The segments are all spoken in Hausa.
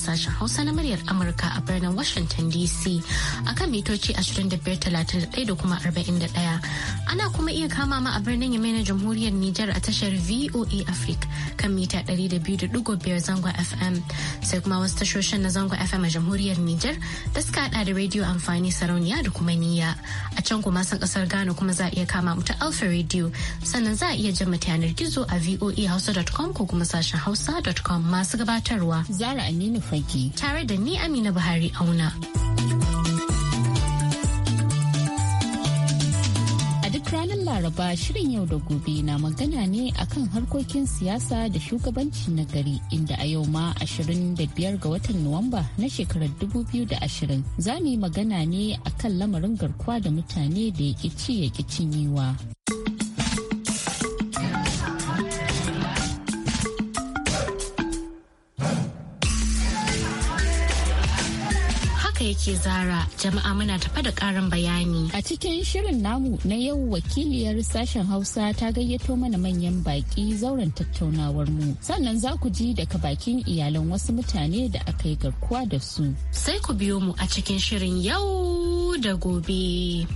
sashen Hausa na muryar Amurka a birnin Washington DC a kan mitoci 2531 da kuma 41. Ana kuma iya kama ma a birnin Yemen na Jamhuriyar Nijar a tashar VOA Africa kan mita 200.5 zangon FM sai kuma wasu tashoshin na zangon FM a jamhuriyar Nijar da suka hada da rediyo amfani sarauniya da kuma niyya. A can kuma sun kasar Ghana kuma za a iya kama mu ta Alpha Radio sannan za a iya jama ta yanar gizo a voehausa.com ko kuma sashen hausa.com masu gabatarwa. Zara Aminu Fage. Tare da ni Amina Buhari Auna. Laraba shirin yau da gobe na magana ne akan harkokin siyasa da shugabanci na gari inda a yau ma 25 ga watan Nuwamba na shekarar 2020 za mu yi magana ne akan lamarin garkuwa da mutane da ya ci ya ki cinyewa. yake zara jama'a muna tafa da karin bayani. A cikin shirin namu na yau wakiliyar sashen Hausa ta gayyato mana manyan baki zauren tattaunawar mu. Sannan za ku ji daga bakin iyalan wasu mutane da aka yi garkuwa da su. Sai ku biyo mu a cikin shirin yau da gobe.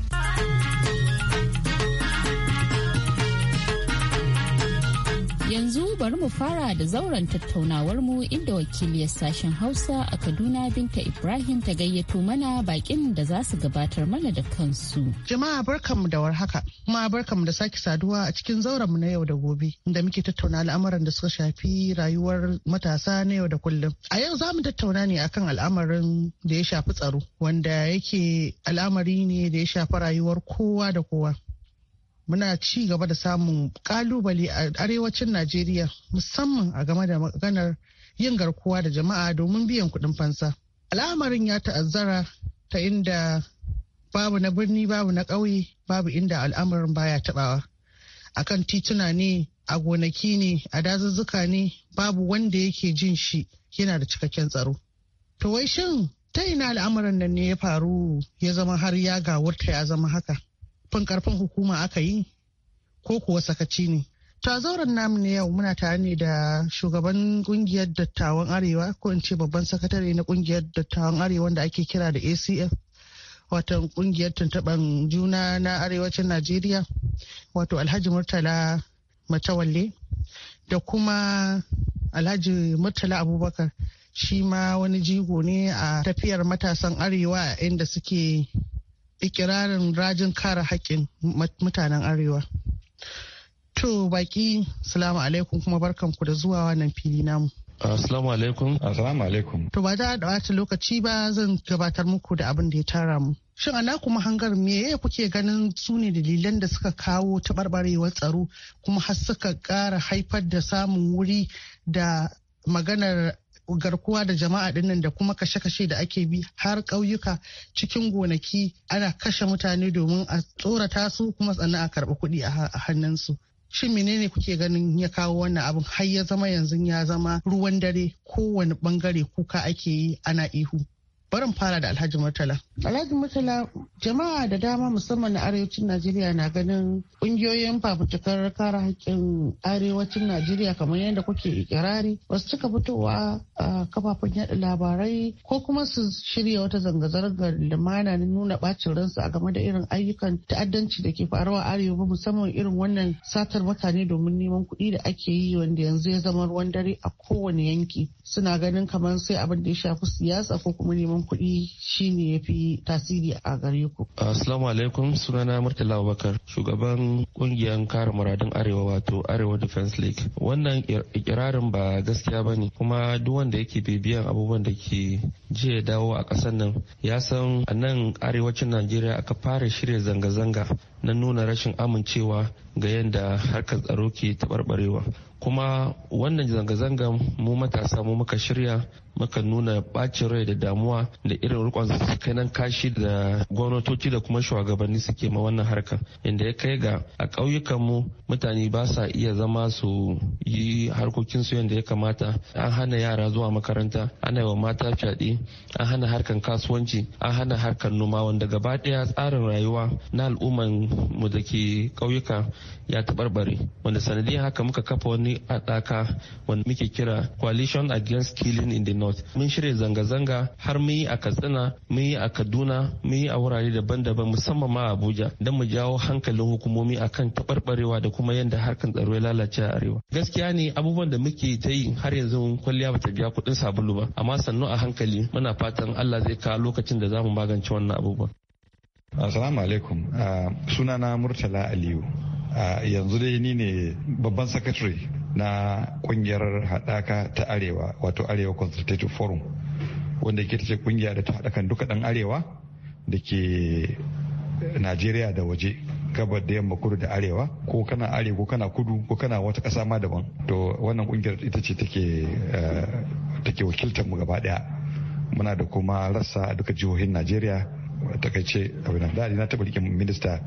Yanzu bari mu fara da zauren tattaunawar mu inda wakiliyar sashen Hausa a Kaduna Binta Ibrahim ta gayyato mana bakin da za su gabatar mana da kansu. Jama'a barkanmu da warhaka, kuma barkanmu da sake saduwa a cikin zaurenmu na yau da gobe da muke tattauna al'amuran da suka shafi rayuwar matasa na yau da kullum. A yau za mu tattauna ne akan al'amarin da ya shafi tsaro wanda yake al'amari ne da ya shafi rayuwar kowa da kowa. muna ci gaba da samun kalubale a arewacin najeriya musamman a game da maganar yin garkuwa da jama'a domin biyan kuɗin fansa al'amarin ya ta'azzara ta inda babu na birni babu na ƙauye babu inda al'amarin baya taɓawa akan tituna ne a gonaki ne a dazuzzuka ne babu wanda yake jin shi yana da cikakken tsaro to wai ta ina al'amarin nan ne ya faru ya zama har ya gawurta ya zama haka fin karfin hukuma aka yi ko kuwa sakaci ne to a zauren namu ne yau muna tare ne da shugaban kungiyar dattawan arewa ko in ce babban sakatare na kungiyar dattawan arewa da ake kira da acf watan kungiyar tuntuɓan juna na arewacin najeriya wato alhaji murtala matawalle da kuma alhaji murtala abubakar shi ma wani jigo ne a tafiyar matasan arewa inda suke ikirarin rajin kare haƙƙin mutanen arewa to baki salamu alaikum kuma barkanku da zuwa wannan fili namu Assalamu alaikum. Assalamu alaikum. To ba da wata lokaci ba zan gabatar muku da abin da ya tara mu. Shin a kuma hangar me ya kuke ganin su ne dalilan da suka kawo taɓarɓarewar tsaro kuma har suka ƙara haifar da samun wuri da maganar garkuwa da jama'a dinnan da kuma kashe-kashe da ake bi har ƙauyuka cikin gonaki ana kashe mutane domin a tsorata su kuma sannan a karɓi kuɗi a hannunsu shin menene kuke ganin ya kawo wannan abin har ya zama yanzu ya zama ruwan dare kowane bangare kuka ake yi ana ihu barin fara da alhaji murtala Alhaji Murtala jama'a da dama musamman na arewacin Najeriya na ganin kungiyoyin fafutukar kara haƙƙin arewacin Najeriya kamar yadda kuke ikirari wasu cika fitowa a kafafen yada labarai ko kuma su shirya wata zanga-zangar lumana na nuna bacin ransu a game da irin ayyukan ta'addanci da ke faruwa arewa musamman irin wannan satar mutane domin neman kuɗi da ake yi wanda yanzu ya zama ruwan dare a kowane yanki suna ganin kamar sai abin da ya shafi siyasa ko kuma neman kuɗi shine ya fi yi tasiri a gare ku. Assalamu alaikum sunana Murtala Abubakar shugaban kungiyar kare muradun Arewa wato Arewa Defense League. Wannan ikirarin ba gaskiya ba ne kuma duk wanda yake bibiyan abubuwan da ke jiya dawo a ƙasar nan ya san a nan arewacin Najeriya aka fara shirya zanga-zanga na nuna rashin amincewa ga yadda harkar tsaro ke taɓarɓarewa. kuma wannan zanga-zangan mu matasa mu muka shirya muka nuna bacin rai da damuwa da irin rikon nan kashi da gwamnatoci da kuma shugabanni suke ma wannan harkar inda ya kai ga a ƙauyukanmu mutane ba sa iya zama su yi harkokin su yadda ya kamata an hana yara zuwa makaranta ana yi wa mata fyaɗe an hana harkar kasuwanci an hana harkar noma wanda gaba ɗaya tsarin rayuwa na al'umman mu da ke ƙauyuka ya taɓarɓare wanda sanadiyar haka muka kafa wani haɗaka wanda muke kira coalition against killing in the north mun shirya zanga-zanga har mun yi a katsina mun yi a kaduna mun yi a wurare daban-daban musamman ma abuja don mu jawo hankalin hukumomi akan taɓarɓarewa da kuma yadda harkar tsaro ya lalace a arewa gaskiya ne abubuwan da muke ta yi har yanzu kwalliya bata biya kuɗin sabulu ba amma sannu a hankali muna fatan allah zai kawo lokacin da za mu magance wannan abubuwan Assalamu alaikum. Ah, sunana Murtala Aliyu. Uh, yanzu dai ni ne babban sakatare na kungiyar haɗaka ta arewa wato arewa consultative forum wanda ke ta ce kungiya da ta haɗa kan duka dan arewa da ke najeriya da waje gabar da yamma kudu da arewa ko kana are ko kana kudu ko kana wata ƙasa ma daban to wannan kungiyar ita ce take eh, take wakiltar mu gaba daya muna da kuma rasa a duka jihohin najeriya takaice abinan da na taɓa rikin minista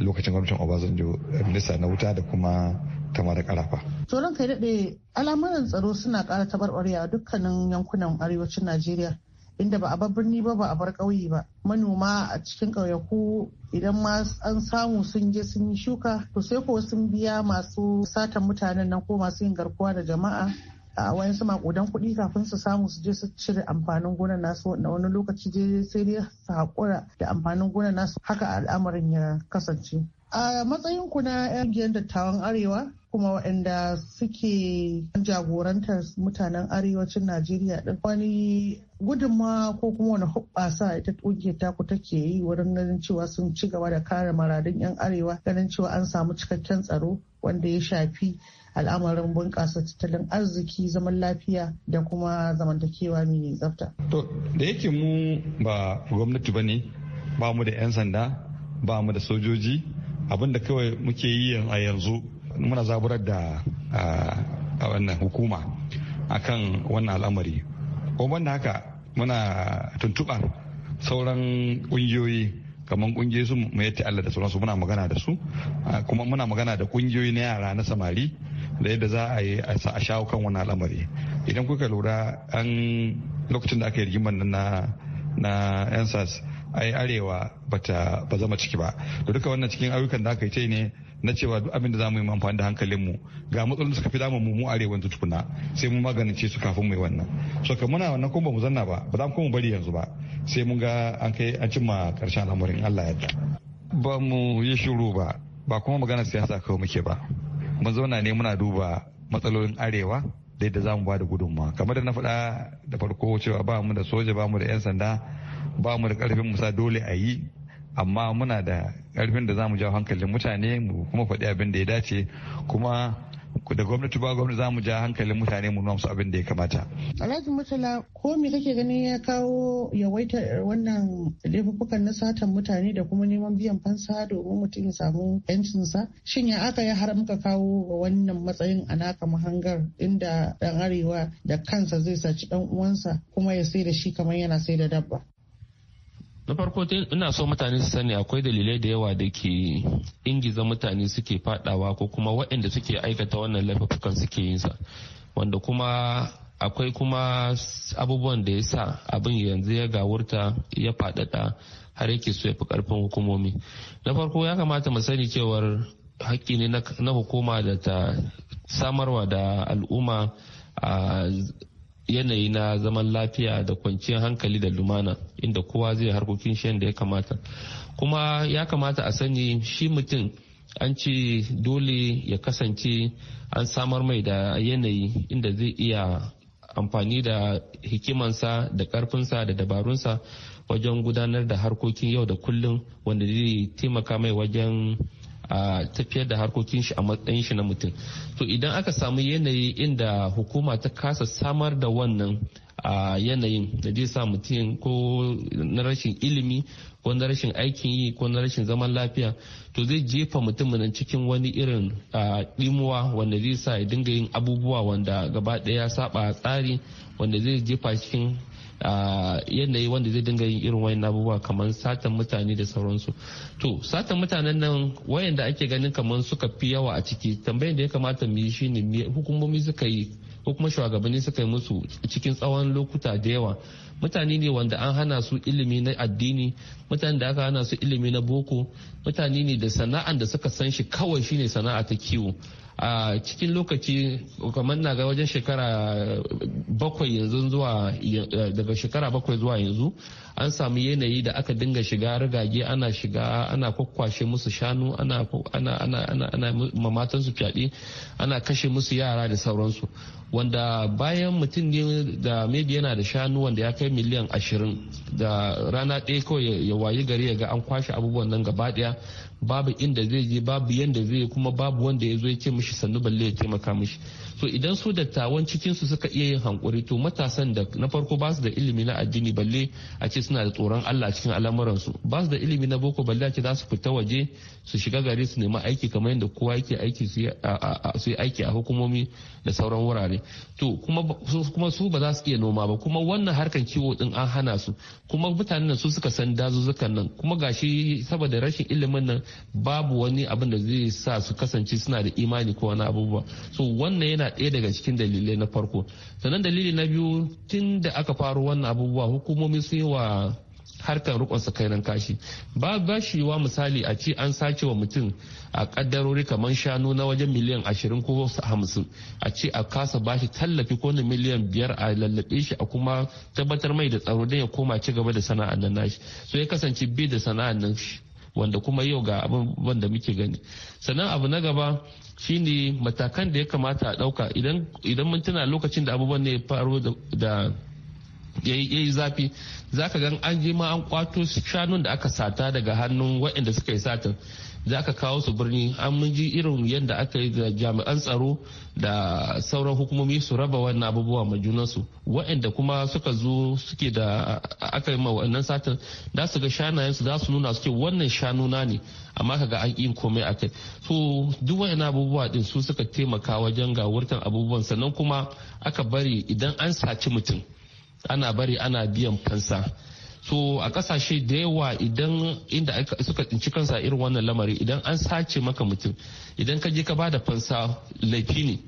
lokacin gwamnatin obasanjo minista na wuta da kuma kama da karafa. Tsoron kai daɗe al'amuran tsaro suna ƙara a dukkanin yankunan arewacin Najeriya. Inda ba a bar birni ba ba a bar ƙauye ba. Manoma a cikin ƙauyaku idan ma an samu sun je sun yi shuka to sai ko sun biya masu satan mutanen nan ko masu yin garkuwa da jama'a a wayansu makudan kuɗi kafin su samu su je su cire amfanin gonar nasu na wani lokaci je sai dai su haƙura da amfanin gonar nasu haka al'amarin ya kasance a matsayin ku na yan dattawan arewa kuma waɗanda suke jagorantar mutanen arewacin najeriya ɗin wani gudunma ko kuma wani hubbasa ita ƙungiyar taku take yi wurin ganin cewa sun ci gaba da kare maradin 'yan arewa ganin cewa an samu cikakken tsaro wanda ya shafi al'amarin bunƙasa tattalin arziki zaman lafiya da kuma zamantakewa mai tsafta. To da yake mu ba gwamnati ba ne ba mu da 'yan sanda ba mu da sojoji abin da kawai muke yi a yanzu muna zaburar da a wannan hukuma akan wannan al'amari ban da haka muna tuntuɓa sauran ƙungiyoyi kamar ƙungiyoyi su mai Allah da sauransu muna magana da su kuma muna magana da ƙungiyoyi na yara na samari da yadda za a yi a shawo kan wani al'amari idan kuka lura an lokacin da aka yi rigimar na na sas ai arewa bata ba zama ciki ba da duka wannan cikin ayyukan da aka yi ne na cewa duk abin da za mu yi amfani da hankalinmu ga matsalolin suka fi damu mu mu arewa yanzu tukuna sai mun magance su kafin mu yi wannan so ka muna wannan kuma ba mu zanna ba ba za mu kuma bari yanzu ba sai mun ga an kai an cimma karshen al'amarin Allah ya ba mu yi shiru ba ba kuma magana siyasa kawai muke ba mun zauna ne muna duba matsalolin arewa da yadda za mu ba da gudunmawa kamar da na faɗa da farko cewa ba mu da soja ba mu da 'yan sanda ba mu da karfin musa dole a yi amma muna da karfin da za mu jawo hankalin mutane mu kuma faɗi abin da ya dace kuma da gwamnati ba gwamnati za mu ja hankalin mutane mu nuna musu abin da ya kamata. Alhaji Murtala ko me kake ganin ya kawo yawaitar wannan laifukan na satan mutane da kuma neman biyan fansa domin mutum ya samu yancinsa? Shin ya aka ya haram muka kawo ga wannan matsayin a naka mahangar inda ɗan arewa da kansa zai saci ɗan uwansa kuma ya sai da shi kamar yana sai da dabba? na farko ina so mutane su sani akwai dalilai da yawa da ke ingiza mutane suke fadawa ko kuma waɗanda suke aikata wannan laifukan suke yin sa wanda kuma akwai kuma abubuwan da ya sa abin yanzu ya gawurta ya fadada har yake so ya fi karfin hukumomi na farko ya kamata mu sani cewar haƙƙi ne na hukuma da ta samarwa da al'umma yanayi na zaman lafiya da kwanciyar hankali da lumana inda kowa zai harkokin shi da ya kamata kuma ya kamata a sani shi mutum an ce dole ya kasance an samar mai da yanayi inda zai iya amfani da hikimansa da karfinsa da dabarunsa wajen gudanar da harkokin yau da kullum wanda zai taimaka mai wajen a tafiyar da harkokin shi a matsayin shi na mutum to idan aka samu yanayi inda hukuma ta kasa samar da wannan a yanayin da zai sa mutum ko na rashin ilimi ko na rashin aikin yi ko na rashin zaman lafiya to zai jefa mutumin cikin wani irin dimuwa wanda zai sa ya dinga yin abubuwa wanda gaba ɗaya saba tsari wanda zai jefa cikin yanayi wanda zai dinga yin irin wayan abubuwa kamar satan mutane da sauransu to satan mutanen nan wayan da ake ganin kamar suka fi yawa a ciki tambayin da ya kamata mu yi shine hukumomi suka yi ko kuma shugabanni suka yi musu cikin tsawon lokuta da yawa mutane ne wanda an hana su ilimi na addini mutane da aka hana su ilimi na boko mutane ne da sana'an da suka san shi kawai shine sana'a ta kiwo a cikin lokaci kamar na ga wajen shekara bakwai yanzu zuwa daga shekara bakwai zuwa yanzu an samu yanayi da aka dinga shiga rigage ana shiga ana kwakwashe musu shanu ana ana ana mamatansu fyaɗe ana kashe musu yara da sauransu wanda bayan mutum ne da maybe yana da shanu wanda ya kai miliyan ashirin da rana ɗaya kawai ya wayi gari ya ga an kwashe abubuwan nan gaba ɗaya babu inda zai je babu yanda zai kuma babu wanda ya zo ya ce mishi sannu balle ya taimaka mishi to idan su dattawan cikin su suka iya yin hankuri to matasan da na farko ba su da ilimi na addini balle a ce suna da tsoron Allah cikin al'amuran su ba su da ilimi na boko balle a ce za su fita waje su shiga gari su nemi aiki kamar yadda kowa yake aiki su yi aiki a hukumomi da sauran wurare to kuma su ba za su iya noma ba kuma wannan harkan kiwo din an hana su kuma mutanen nan su suka san dazuzzukan nan kuma gashi saboda rashin ilimin nan babu wani abin da zai sa su kasance suna da imani ko wani abubuwa so wannan yana ɗaya daga cikin dalilai na farko sannan dalili na biyu tun da aka faro wannan abubuwa hukumomi sun yi wa harkar kai nan kashi ba shi wa misali a ce an sace wa mutum a kaddarori kamar shanu na wajen miliyan ashirin ko hamsin a ce a kasa bashi tallafi ko na miliyan biyar a lallabe shi a kuma tabbatar mai da tsaro don ya koma ci gaba da sana'a nan nashi so ya kasance biyu da sana'ar nan wanda kuma yau ga abubuwan da muke gani sannan abu na gaba shine matakan da ya kamata a ɗauka idan mun tuna lokacin da abubuwan ne faru da ya yi zafi za ka gan an je ma an kwato shanun da aka sata daga hannun waɗanda suka yi satin za ka kawo su birni an mun ji irin yadda aka yi da jami'an tsaro da sauran hukumomi su raba wannan abubuwa ma junansu waɗanda kuma suka zo suke da aka yi ma wannan satin za su ga shanayen su za su nuna suke wannan shanuna ne amma kaga an yi komai akai so duk waɗannan abubuwa din su suka taimaka wajen wurtan abubuwan sannan kuma aka bari idan an saci mutum ana bari ana biyan fansa so a kasashe da yawa idan inda suka tsinci kansa irin wannan lamari idan an sace maka mutum idan ka je ka bada fansa laifi ne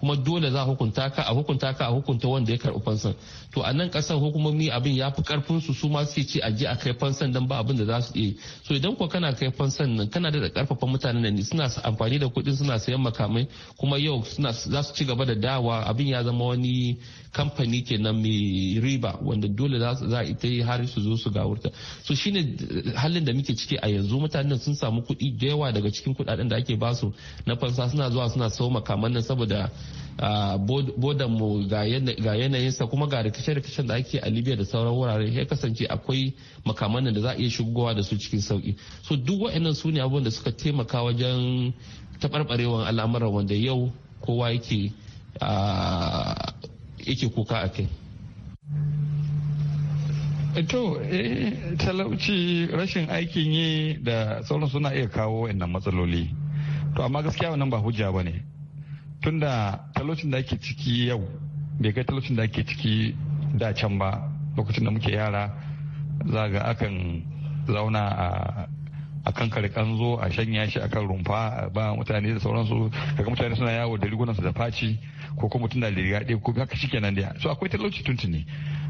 kuma dole za hukunta ka a hukunta ka a hukunta wanda ya karɓi fansan to a nan ƙasar hukumomi abin ya fi ƙarfin su su ma sai ce a je a kai fansan dan ba abin da za su iya so idan ko kana kai fansan nan kana da ƙarfafa mutanen nan suna amfani da kuɗin suna sayan makamai kuma yau suna za su ci gaba da dawa abin ya zama wani kamfani kenan mai riba wanda dole za a ita har su zo su gawurta so shine halin da muke ciki a yanzu mutanen sun samu kuɗi da yawa daga cikin kuɗaɗen da ake basu na fansa suna zuwa suna sayo makaman nan saboda bodan mu ga yanayinsa kuma ga rikice-rikicen da ake a libya da sauran wurare ya kasance akwai makaman da za a iya shigowa da su cikin sauki so duk wa'annan su ne abubuwan da suka taimaka wajen taɓarɓarewar al'amuran wanda yau kowa yake kuka a kai to eh, talauci rashin aikin yi da sauran suna iya kawo wa'annan matsaloli to amma gaskiya wannan ba hujja ba ne tunda talaucin da ake ciki yau bai kai talaucin da ake ciki da can ba lokacin da muke yara za ga akan zauna a a kan karkan zo a shanya shi akan rumfa ba mutane da sauransu daga mutane suna yawo da rigunansu da faci ko kuma mutum da riga ɗaya ko haka shi kenan da so akwai talauci tuntuni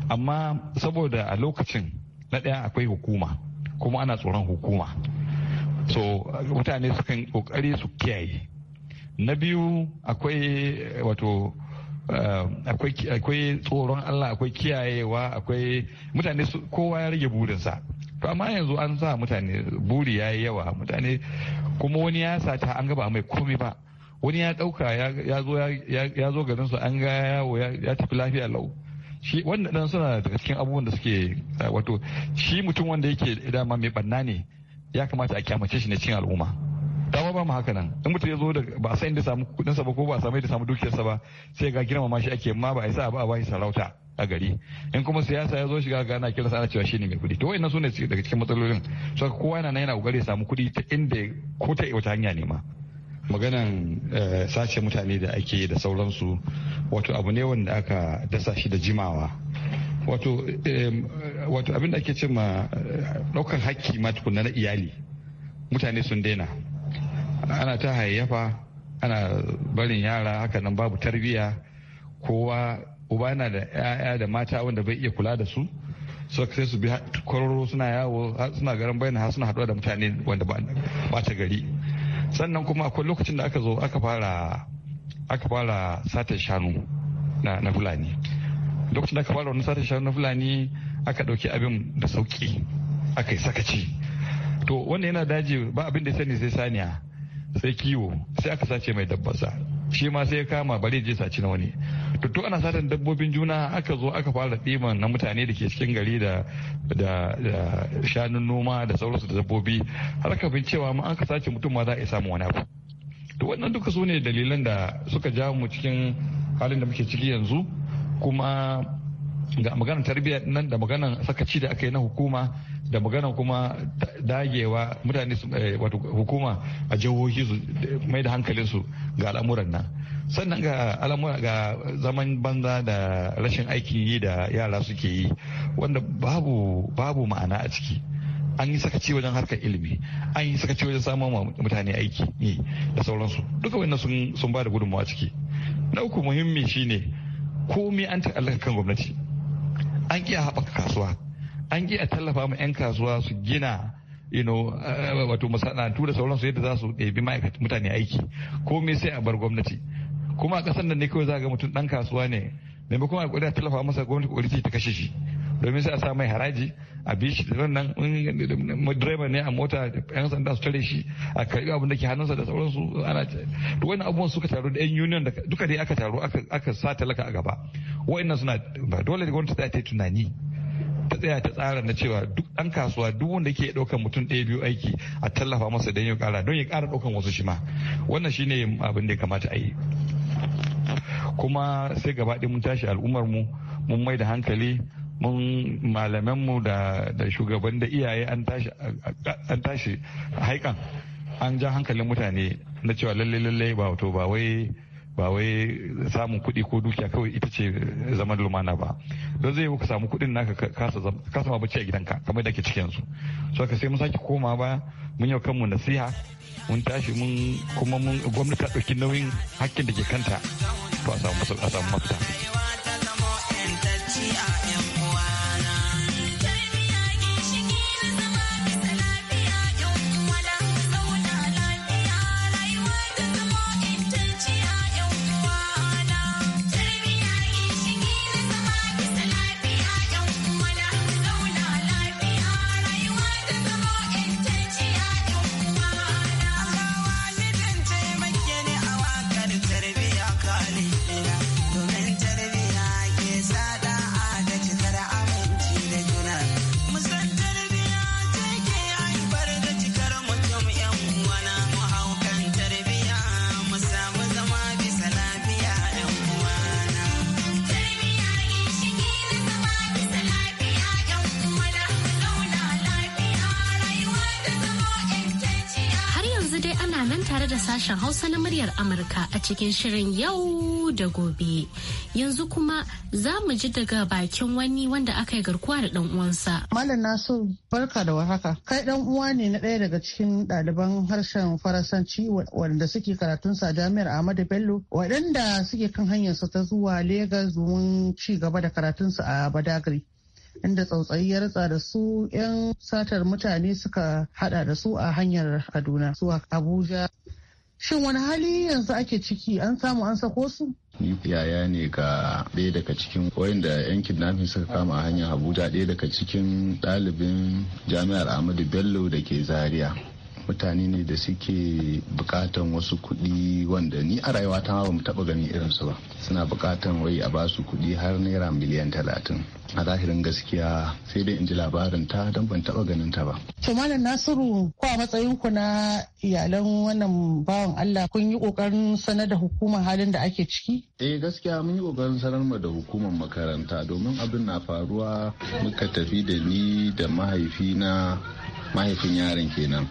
amma saboda a lokacin na ɗaya akwai hukuma kuma ana tsoron hukuma so mutane sukan kokari su kiyaye na biyu akwai eh, wato eh, akwai tsoron Allah akwai kiyayewa akwai mutane kowa ya rage burinsa to amma yanzu an sa mutane buri ya yi yawa mutane kuma wani ya sata an gaba mai komai ba wani ya dauka ya zo garin su an ga yawo ya tafi lafiya lau shi wanda dan suna daga cikin abubuwan da suke eh, wato shi mutum wanda yake dama mai banna ne ya kamata a kyamace shi ne cikin al'umma dama ba mu haka nan in mutum ya zo da ba sai inda samu kudin sa ba ko ba a samu inda samu dukiyar sa ba sai ga girma ma shi ake ma ba a yi sa ba a bashi sarauta a gari in kuma siyasa ya zo shiga ga ana kiransa ana cewa shine mai kudi to wayannan sune daga cikin matsalolin so kowa yana nan yana kokari ya samu kudi ta inda ko ta wata hanya ne ma maganan eh, sace mutane da ake da sauransu wato abu ne wanda aka dasa shi da jimawa wato wato abin da ake ce ma daukan eh, hakki ma tukunna na iyali mutane sun daina ana ta hayayyafa ana barin yara haka nan babu tarbiyya kowa uba yana da 'ya'ya da mata wanda bai iya kula da su so sai su bi kwararo suna yawo suna garin bayan har suna haɗuwa da mutane wanda ba ta gari sannan kuma akwai lokacin da aka zo aka fara aka fara shanu na fulani lokacin da aka fara wani sata shanu na fulani aka ɗauki abin da sauki aka yi sakaci to wannan yana daji ba abin da sani sai saniya sai kiwo sai aka sace mai dabbasa shi ma sai ya kama bare je saci na wani to ana satan dabbobin juna aka zo aka fara ɗiman na mutane da ke cikin gari da da shanun noma da sauransu da dabbobi har ka bin cewa ma aka sace mutum ma za a samu wani abu to wannan duka su ne dalilan da suka ja mu cikin halin da muke ciki yanzu kuma ga maganar tarbiyya nan da maganar sakaci da aka yi na hukuma da magana kuma dagewa mutane eh, wato hukuma a jihohi su mai da hankalinsu ga al'amuran nan sannan ga al'amura ga zaman banza da rashin aikin yi da yara suke yi wanda babu ma'ana a ciki an yi sakaci wajen harkar ilimi an yi sakaci wajen samun mutane aiki yi da sauransu duka wannan sun sun ba da gudunmawa ciki na uku muhimmi shine komai an ta'allaka kan gwamnati an iya haɓaka kasuwa an ƙi a tallafa mu 'yan kasuwa su gina you know eh, wato masana'antu da sauransu yadda za su ɗebi mutane aiki ko me sai a bar gwamnati kuma a ƙasar nan ne kawai za ga mutum ɗan kasuwa ne maimakon a ƙuri a tallafa masa gwamnati ƙuri ta kashe shi domin sai a sa mai haraji a bi shi da nan direba ne a mota yan sanda su tare shi a karbi abin da ke hannunsa da sauransu ana to wannan abubuwan suka taru da yan union da duka dai aka taru aka sa talaka a gaba wa'annan suna ba dole da gwamnati ta yi tunani ta tsaya ta tsara na cewa duk ɗan kasuwa duk wanda ke ɗaukan mutum ɗaya biyu aiki a tallafa masa don ya ƙara don ya ƙara ɗaukan wasu shi ma wannan shine abin da ya kamata a yi kuma sai gaba ɗaya mun tashi al'ummar mu mun mai da hankali mun malaman mu da shugaban da iyaye an tashi haikan an ja hankalin mutane na cewa lalle lalle ba wato ba wai ba wai samun kuɗi ko dukiya kawai ita ce zaman lumana ba don zai yi ka samu kuɗin naka ka sama bacci a gidanka kamar da ke cikin su so ka sai mun sake koma ba mun yau kanmu nasiha mun tashi mun kuma mun gwamnati ta ɗauki nauyin hakkin da ke kanta to a samu mafita Amurka a cikin shirin yau da gobe. Yanzu kuma za mu ji daga bakin wani wanda aka yi garkuwa da ɗan uwansa. Malam Nasu barka da warhaka. Kai ɗan uwa ne na ɗaya daga cikin ɗaliban harshen Faransanci wanda suke karatun sa jami'ar Ahmadu Bello waɗanda suke kan hanyar sa ta zuwa Legas domin ci gaba da karatun a Badagry. inda tsautsayi ya ratsa da su 'yan satar mutane suka hada da su a hanyar kaduna zuwa abuja Shin wani hali yanzu ake ciki an samu an sako su? yaya ne ga ɗaya daga cikin wayanda yan kidnapping suka kama a hanyar abuja ɗaya daga cikin ɗalibin jami'ar ahmadu bello da ke zaria mutane ne da suke bukatan wasu kuɗi wanda ni a rayuwa ta ba mu taɓa irin su ba suna bukatan wai a ba su kuɗi har naira miliyan talatin a zahirin gaskiya sai dai in ji labarin ta don ban taɓa ganin ta ba. to malam nasiru ko a matsayin ku na iyalan wannan bawan allah kun yi ƙoƙarin sanar da hukumar halin da ake ciki. eh gaskiya mun yi ƙoƙarin sanar ma da hukumar makaranta domin abin na faruwa muka tafi da ni da mahaifina mahaifin yaron kenan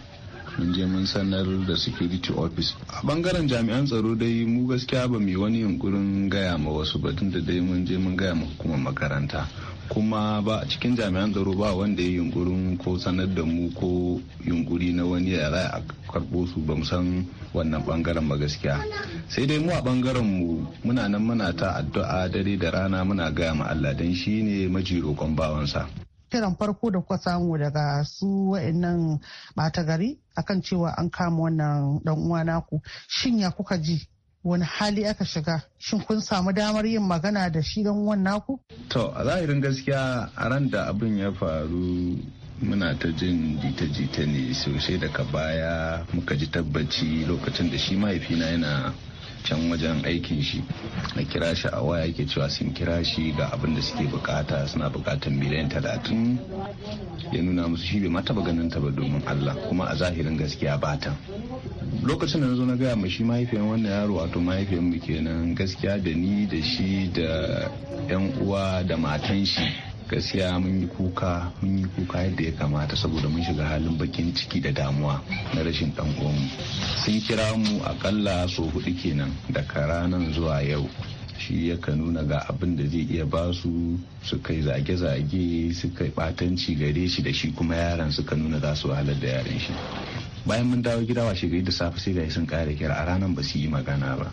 mun je mun sanar da security office a bangaren jami'an tsaro dai mu gaskiya ba mu wani yunkurin gaya ma wasu ba tunda dai mun je mun gaya ma hukumar makaranta kuma ba a cikin jami'an tsaro ba wanda ya yunkurin ko sanar da mu ko yunkuri na wani ya a karɓo su ba san wannan bangaren ba gaskiya sai dai mu a bangaren mu muna nan muna ta addu'a dare da rana muna gaya ma Allah dan shine majiro roƙon bawansa kiran farko da kuka samu daga su wa'annan bata gari akan cewa an kama wannan dan uwa naku shin ya kuka ji wani hali aka shiga shin kun samu damar yin magana da shi dan uwan naku to a zahirin gaskiya a ran da abin ya faru muna ta jin jita-jita ne sosai daga baya muka ji tabbaci lokacin da shi mahaifina yana can wajen aikin shi na kira shi a waya yake cewa sun kira shi ga abin da suke bukata suna bukatan miliyan talatin ya nuna musu shi bai mata ganin ta ba domin Allah kuma a zahirin gaskiya bata lokacin da na zo na gaya shi mahaifiyar wannan yaro wato mahaifiyar mu kenan gaskiya da ni da shi da yan uwa da matan shi gaskiya mun yi kuka mun yi kuka yadda ya kamata saboda mun shiga halin bakin ciki da damuwa na rashin dan mu. sun kira mu akalla so hudu kenan daga ranar zuwa yau shi yaka nuna ga abin da zai iya ba su su kai zage-zage su kai batanci gare shi da shi kuma yaran suka nuna za su wahalar da yaran shi bayan mun dawo gida washe gari da safe sai ga sun kare kira a ranar ba su yi magana ba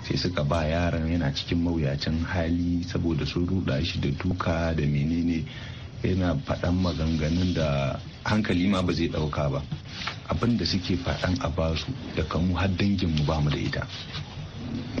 sai suka ba yaran yana cikin mawuyacin hali saboda sun ruda shi da duka da menene yana faɗan maganganun da hankali ma ba zai ɗauka ba abin da suke faɗan a basu da kamu har danginmu ba mu da ita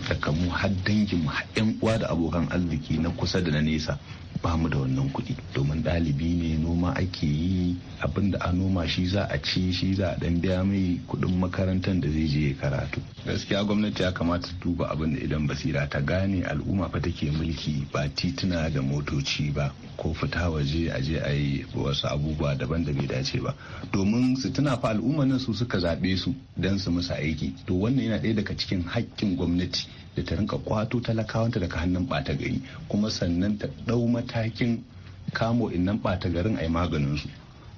da kamu har danginmu har 'yan uwa da abokan arziki na kusa da na nesa ba mu da wannan kuɗi domin ɗalibi ne noma ake yi abinda a noma shi za a ci shi za a ɗan biya mai kuɗin makarantar da zai je karatu gaskiya gwamnati ya kamata duba abin da idan basira ta gane al'umma fa take mulki ba tituna da motoci ba ko fita waje a je a yi wasu abubuwa daban da bai dace ba domin su tuna fa al'umma nan su suka zaɓe su don su musu aiki to wannan yana ɗaya daga cikin haƙƙin gwamnati da ta rinka kwato talakawanta daga hannun ɓata gari kuma sannan ta ɗau matakin kamo innan bata garin a yi maganin su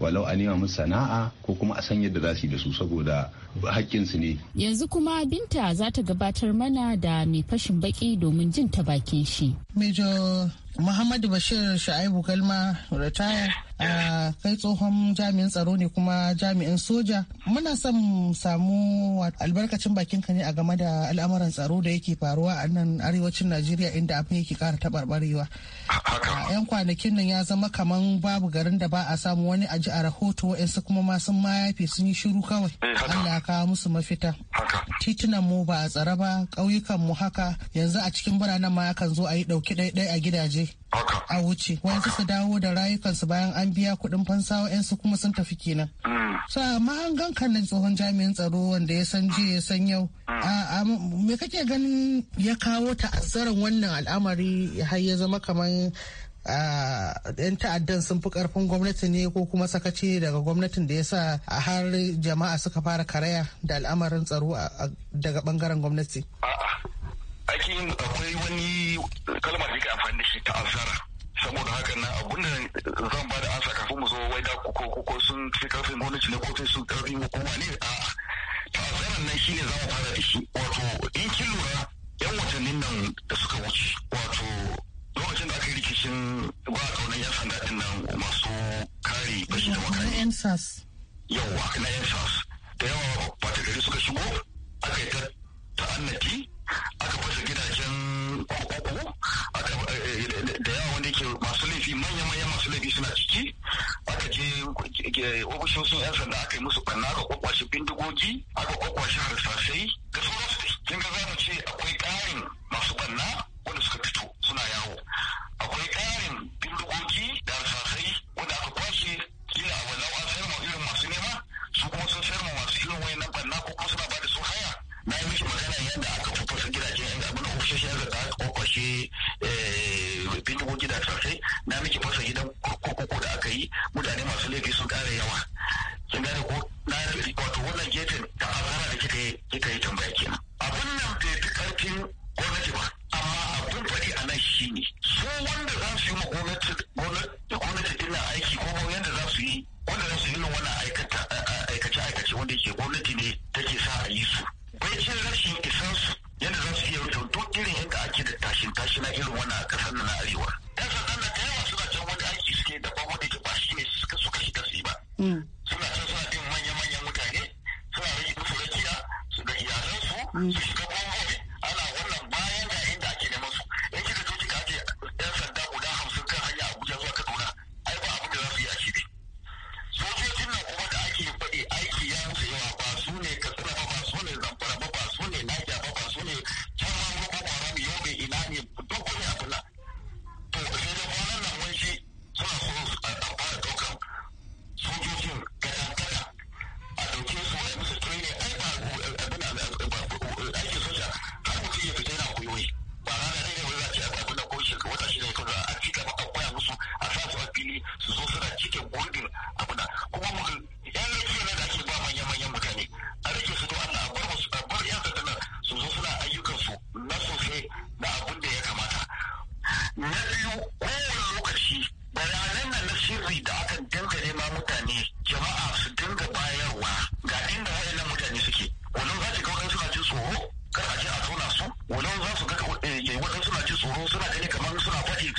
walau a nema musu sana'a ko kuma a san yadda za su yi da su saboda hakkin su ne. Yanzu kuma Binta za ta gabatar mana da mai fashin baki domin jin ta bakin shi. Major Muhammadu Bashir Sha'ibu Galma retire a ah, kai tsohon jami'in tsaro ne kuma jami'in soja. Muna son samu albarkacin bakinka ne a game da al'amuran tsaro da yake faruwa a nan arewacin Najeriya inda abin yake kara taɓarɓarewa. Ah, yan kwanakin nan ya zama kaman babu garin da ba a samu wani aji a rahoto wayansu kuma ma sun mayafi sun yi shiru kawai. Eh, Allah ka musu mafita. Titunan mu ba a tsare ba ƙauyukan mu haka yanzu a cikin biranen ma yakan zo a yi ɗauki ɗaiɗai a gidaje waje a wuce wasu su dawo da rayukansu bayan an biya kuɗin fansawa yansu kuma sun tafi kenan mm. so amma an gan kan tsohon jami'in tsaro wanda ya san jiya ya san yau mm. ah, ah, me kake ganin ya kawo ta'azzaran wannan al'amari har ya zama kamar yan ah, ta'addan sun fi karfin gwamnati ne ko kuma sakaci daga gwamnatin da ya sa a har jama'a suka fara karaya da al'amarin tsaro daga bangaren gwamnati. Aiki akwai wani kalmar da ke amfani da shi ta azara saboda haka na abunda zan ba da ansa kafin mu zo wai da ko ko sun fi karfin gwamnati ne ko sun karfin hukuma ne ta ta'azzaran nan shine za mu fara da shi wato in kin lura yan watannin nan da suka wuce wato lokacin da aka yi rikicin ba a kaunar yan sanda din nan masu kare bashi da makari yawa na yan sas da yawa ba ta gari suka shigo aka yi ta ta'annati aka fasa gidajen kwakwakwo eh, eh, da yawa wanda ke masu laifi manya-manya masu laifi suna ciki aka je ofishoshin 'yan sanda aka yi musu ɓanna aka kwakwashe bindigogi aka kwakwashe harsasai da sauransu kin ga za mu ce akwai ƙarin masu ɓanna wanda suka fi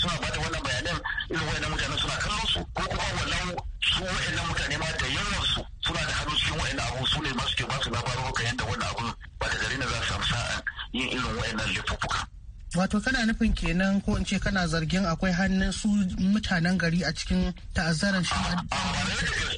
suna bada wannan bayanan irin wayannan mutane suna kallon su ko kuma wannan su wa'annan mutane ma da yawan su suna da hannu cikin wa'annan abu su ne ma suke ba su labarin kan yadda wannan abun ba da gari na za su samu sa'a yin irin wa'annan laifuffuka. wato kana nufin kenan ko in ce kana zargin akwai hannun su mutanen gari a cikin ta'azzaran shi a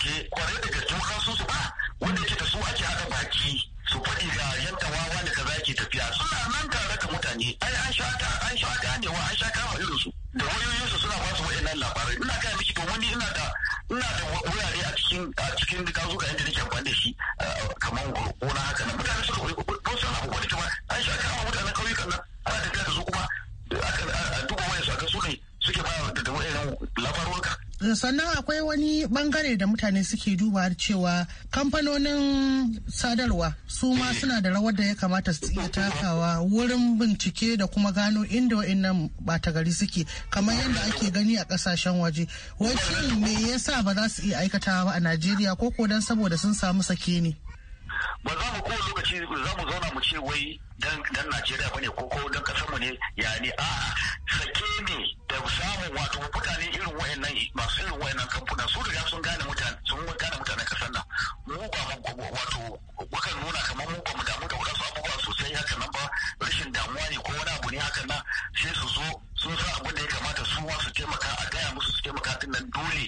wani bangare da mutane suke duba cewa kamfanonin sadarwa su ma suna da rawar da ya kamata su iya takawa wurin bincike da kuma gano inda wa'annan bata gari suke kamar yadda ake gani a kasashen waje wacin me yasa ba za su iya aikatawa ba a najeriya ko ko dan saboda sun samu sake ne ba za mu kowane lokaci za mu zauna mu ce wai dan najeriya bane ko ko dan kasar mu ne ya ne a'a sake ne da samun wato mutane irin wayannan masu irin wayannan kamfuna su riga sun gane mutane sun gane mutane kasar nan mu ba wato wakan nuna kamar mu ba mu damu da wasu abubuwa sosai haka nan ba rashin damuwa ne ko wani abu ne haka nan sai su zo sun san abin da ya kamata su ma su taimaka a gaya musu su taimaka tun nan dole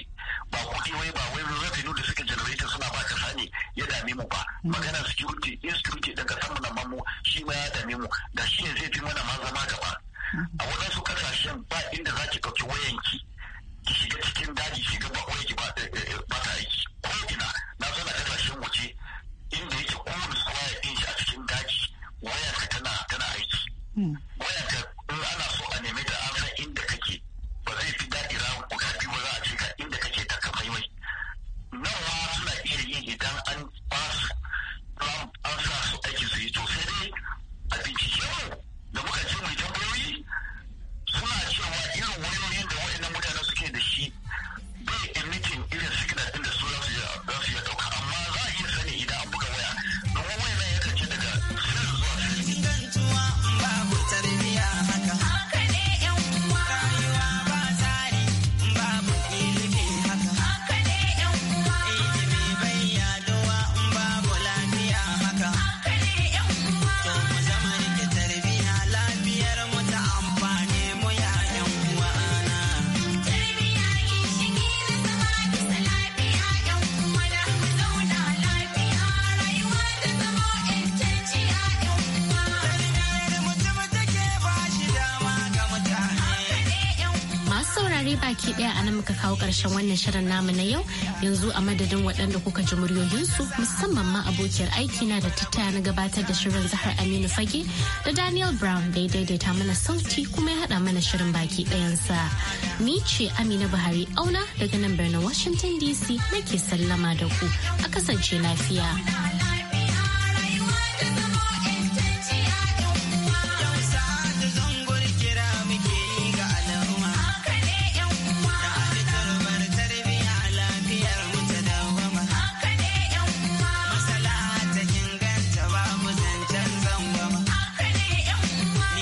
ba kuɗi wai ba wai revenue da suke generate suna ba kasa ne ya dame mu ba mm. magana security insecurity daga samun nan mu shi ma ya dame mu da shi yanzu zai fi mana ma zama gaba mm. a lokacin za ki ɗauki wayanki baki daya a nan muka kawo karshen wannan shirin namu na yau yanzu a madadin waɗanda kuka ji muryoyinsu musamman ma abokiyar aiki na da tattaya na gabatar da shirin zahar aminu fage da daniel brown da ya daidaita mana sauti kuma ya haɗa mana shirin baki ɗayansa ni ce amina buhari auna daga nan birnin washington dc nake sallama da ku a kasance lafiya.